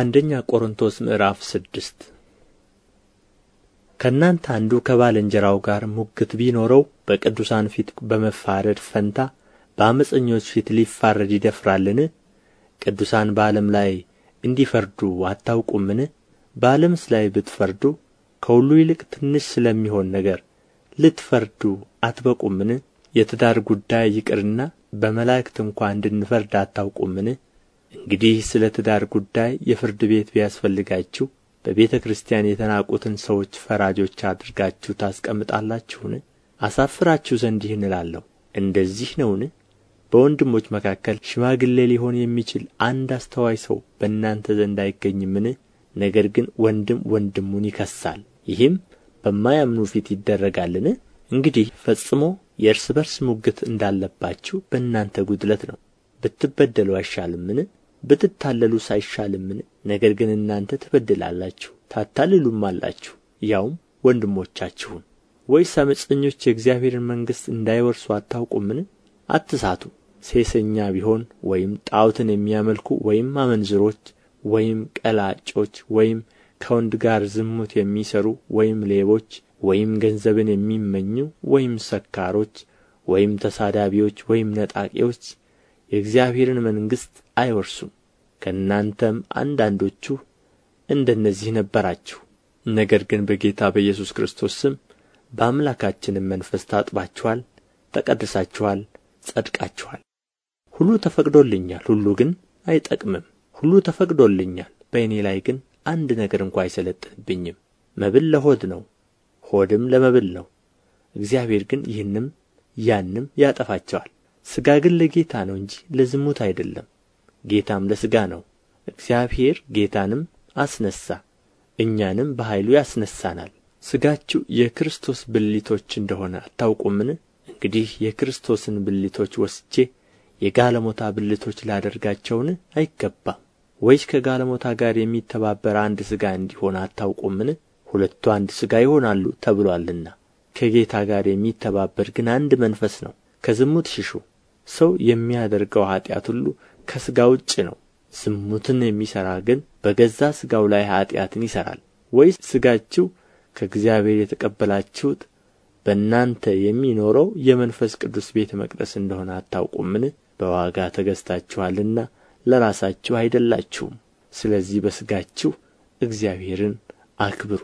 አንደኛ ቆሮንቶስ ምዕራፍ ስድስት ከእናንተ አንዱ ከባልንጀራው ጋር ሙግት ቢኖረው በቅዱሳን ፊት በመፋረድ ፈንታ በአመፀኞች ፊት ሊፋረድ ይደፍራልን? ቅዱሳን በዓለም ላይ እንዲፈርዱ አታውቁምን? በዓለምስ ላይ ብትፈርዱ ከሁሉ ይልቅ ትንሽ ስለሚሆን ነገር ልትፈርዱ አትበቁምን? የትዳር ጉዳይ ይቅርና በመላእክት እንኳ እንድንፈርድ አታውቁምን? እንግዲህ ስለ ትዳር ጉዳይ የፍርድ ቤት ቢያስፈልጋችሁ በቤተ ክርስቲያን የተናቁትን ሰዎች ፈራጆች አድርጋችሁ ታስቀምጣላችሁን አሳፍራችሁ ዘንድ ይህን እላለሁ እንደዚህ ነውን በወንድሞች መካከል ሽማግሌ ሊሆን የሚችል አንድ አስተዋይ ሰው በእናንተ ዘንድ አይገኝምን? ነገር ግን ወንድም ወንድሙን ይከሳል፣ ይህም በማያምኑ ፊት ይደረጋልን? እንግዲህ ፈጽሞ የእርስ በርስ ሙግት እንዳለባችሁ በእናንተ ጉድለት ነው። ብትበደሉ አይሻልምን? ብትታለሉ አይሻልምን ነገር ግን እናንተ ትበድላላችሁ ታታልሉማላችሁ ያውም ወንድሞቻችሁን ወይስ አመፀኞች የእግዚአብሔርን መንግሥት እንዳይወርሱ አታውቁምን አትሳቱ ሴሰኛ ቢሆን ወይም ጣዖትን የሚያመልኩ ወይም አመንዝሮች ወይም ቀላጮች ወይም ከወንድ ጋር ዝሙት የሚሰሩ ወይም ሌቦች ወይም ገንዘብን የሚመኙ ወይም ሰካሮች ወይም ተሳዳቢዎች ወይም ነጣቂዎች የእግዚአብሔርን መንግሥት አይወርሱም ከእናንተም አንዳንዶቹ እንደነዚህ ነበራችሁ ነገር ግን በጌታ በኢየሱስ ክርስቶስ ስም በአምላካችንም መንፈስ ታጥባችኋል ተቀድሳችኋል ጸድቃችኋል ሁሉ ተፈቅዶልኛል ሁሉ ግን አይጠቅምም ሁሉ ተፈቅዶልኛል በእኔ ላይ ግን አንድ ነገር እንኳ አይሰለጥንብኝም መብል ለሆድ ነው ሆድም ለመብል ነው እግዚአብሔር ግን ይህንም ያንም ያጠፋቸዋል ሥጋ ግን ለጌታ ነው እንጂ ለዝሙት አይደለም ጌታም ለሥጋ ነው እግዚአብሔር ጌታንም አስነሣ እኛንም በኃይሉ ያስነሣናል ሥጋችሁ የክርስቶስ ብልቶች እንደሆነ አታውቁምን እንግዲህ የክርስቶስን ብልቶች ወስጄ የጋለሞታ ብልቶች ላደርጋቸውን አይገባም ወይስ ከጋለሞታ ጋር የሚተባበር አንድ ሥጋ እንዲሆን አታውቁምን ሁለቱ አንድ ሥጋ ይሆናሉ ተብሏልና ከጌታ ጋር የሚተባበር ግን አንድ መንፈስ ነው ከዝሙት ሽሹ ሰው የሚያደርገው ኃጢአት ሁሉ ከሥጋ ውጭ ነው ዝሙትን የሚሠራ ግን በገዛ ሥጋው ላይ ኃጢአትን ይሠራል ወይስ ሥጋችሁ ከእግዚአብሔር የተቀበላችሁት በእናንተ የሚኖረው የመንፈስ ቅዱስ ቤተ መቅደስ እንደሆነ አታውቁምን በዋጋ ተገዝታችኋልና ለራሳችሁ አይደላችሁም ስለዚህ በሥጋችሁ እግዚአብሔርን አክብሩ